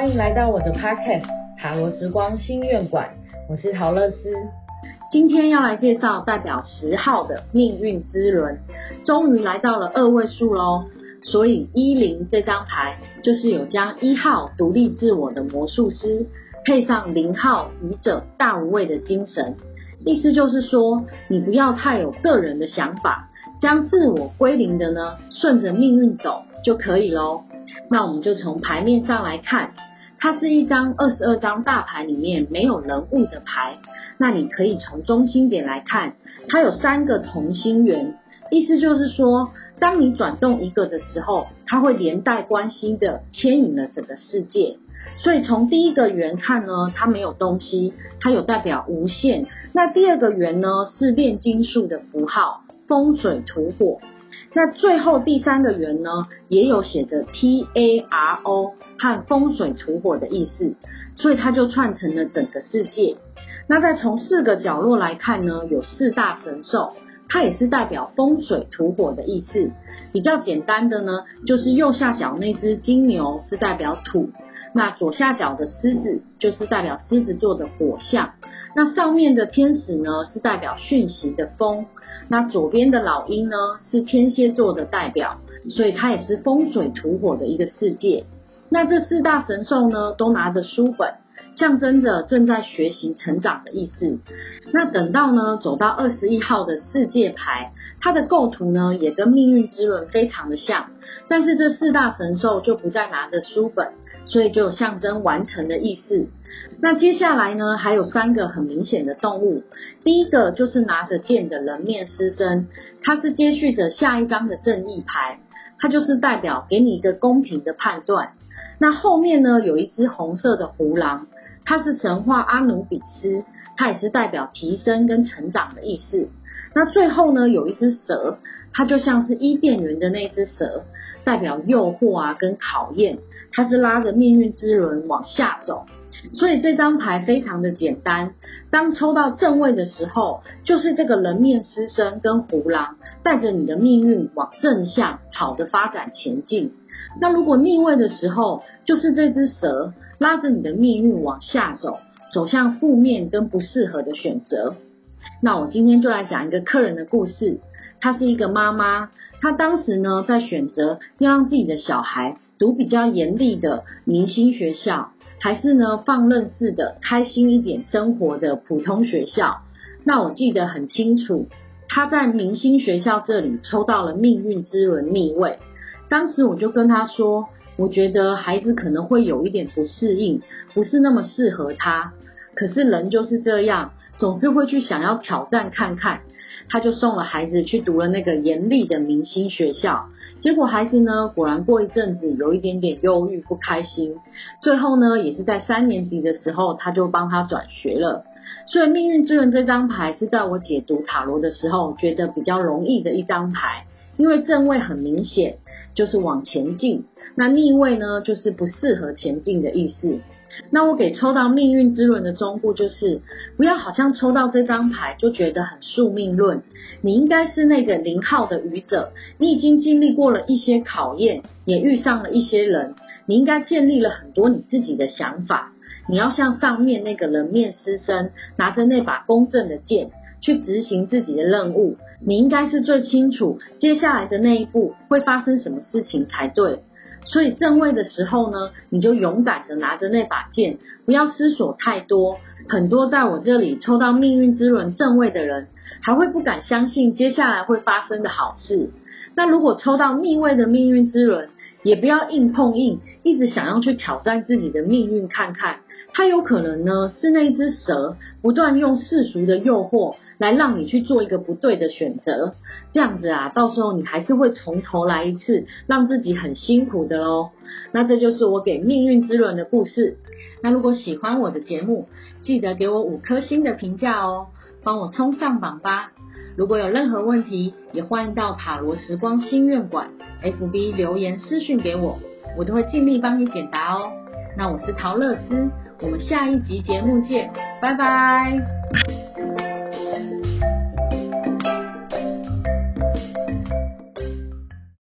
歡迎來到我的 podcast 塔羅食光心願館，我是桃樂絲。今天要來介紹代表十號的命運之輪，終於來到了二位數嘍。所以一零這張牌就是有將一號獨立自我的魔術師，配上零號愚者大無畏的精神，意思就是說你不要太有個人的想法，將自我歸零的呢，順着命運走就可以嘍。那我們就從牌面上來看。它是一張二十二張大牌裡面沒有人物的牌，那你可以從中心點來看，它有三個同心圓，意思就是說，當你轉動一個的時候，它會連帶關係的牽引了整個世界。所以從第一個圓看呢，它沒有東西，它有代表無限。那第二個圓呢，是煉金術的符號，風水土火。那最後第三個圓呢，也有寫着 T A R O 和風水土火的意思，所以它就串成了整個世界。那再從四個角落來看呢，有四大神獸，它也是代表風水土火的意思。比較簡單的呢，就是右下角那隻金牛是代表土，那左下角的獅子就是代表獅子座的火象。那上面的天使呢，是代表訊息的風；那左邊的老鷹呢，是天蠍座的代表，所以它也是風水土火的一個世界。那這四大神獸呢，都拿着書本。象徵着正在學習成長的意思。那等到呢，走到二十一號的世界牌，它的構圖呢，也跟命運之輪非常的像，但是這四大神獸就不再拿着書本，所以就象徵完成的意思。那接下來呢，還有三個很明顯的動物，第一個就是拿着劍的人面獅身，它是接續着下一張的正義牌，它就是代表給你一個公平的判斷。那後面呢，有一隻紅色的胡狼，它是神話阿努比斯，它也是代表提升跟成長的意思。那最後呢，有一隻蛇，它就像是伊甸園的那隻蛇，代表誘惑啊跟考驗，它是拉着命運之輪往下走。所以這張牌非常的簡單，當抽到正位的時候，就是這個人面獅身跟胡狼帶着你的命運往正向好的發展前進。那如果逆位的時候，就是這隻蛇拉着你的命運往下走，走向負面跟不適合的選擇。那我今天就來講一個客人的故事，她是一個媽媽，她當時呢，在選擇要讓自己的小孩讀比較嚴厲的明星學校。還是呢，放任式的，開心一點生活的普通學校。那我記得很清楚，他在明星學校這裡抽到了命運之輪逆位。當時我就跟他說，我覺得孩子可能會有一點不適應，不是那麼適合他。可是人就是這樣。總是會去想要挑戰看看，他就送了孩子去讀了那個嚴厲的明星學校，結果孩子呢，果然過一陣子有一點點憂鬱不開心，最後呢也是在三年級的時候他就幫他轉學了。所以命運之輪這張牌是在我解讀塔羅的時候覺得比較容易的一張牌，因為正位很明顯就是往前進，那逆位呢就是不適合前進的意思。那我給抽到命運之輪的中部，就是不要好像抽到這張牌就覺得很宿命論。你應該是那個零號的愚者，你已經經歷過了一些考驗，也遇上了一些人，你應該建立了很多你自己的想法。你要像上面那個人面獅身，拿着那把公正的劍去執行自己的任務。你應該是最清楚接下來的那一步會發生什麼事情才對。所以正位的時候呢，你就勇敢的拿着那把劍，不要思索太多。很多在我這裡抽到命運之輪正位的人，還會不敢相信接下來會發生的好事。那如果抽到逆位的命運之輪，也不要硬碰硬，一直想要去挑戰自己的命運看看。它有可能呢是那一隻蛇，不斷用世俗的誘惑來讓你去做一個不對的選擇。這樣子啊，到時候你還是會從頭來一次，讓自己很辛苦的嘍。那這就是我給命運之輪的故事。那如果喜歡我的節目，記得給我五顆星的評價哦，幫我衝上榜吧！如果有任何問題，也歡迎到塔羅食光心願館 FB 留言私訊給我，我都會盡力幫你解答哦。那我是桃樂絲，我們下一集節目見，拜拜。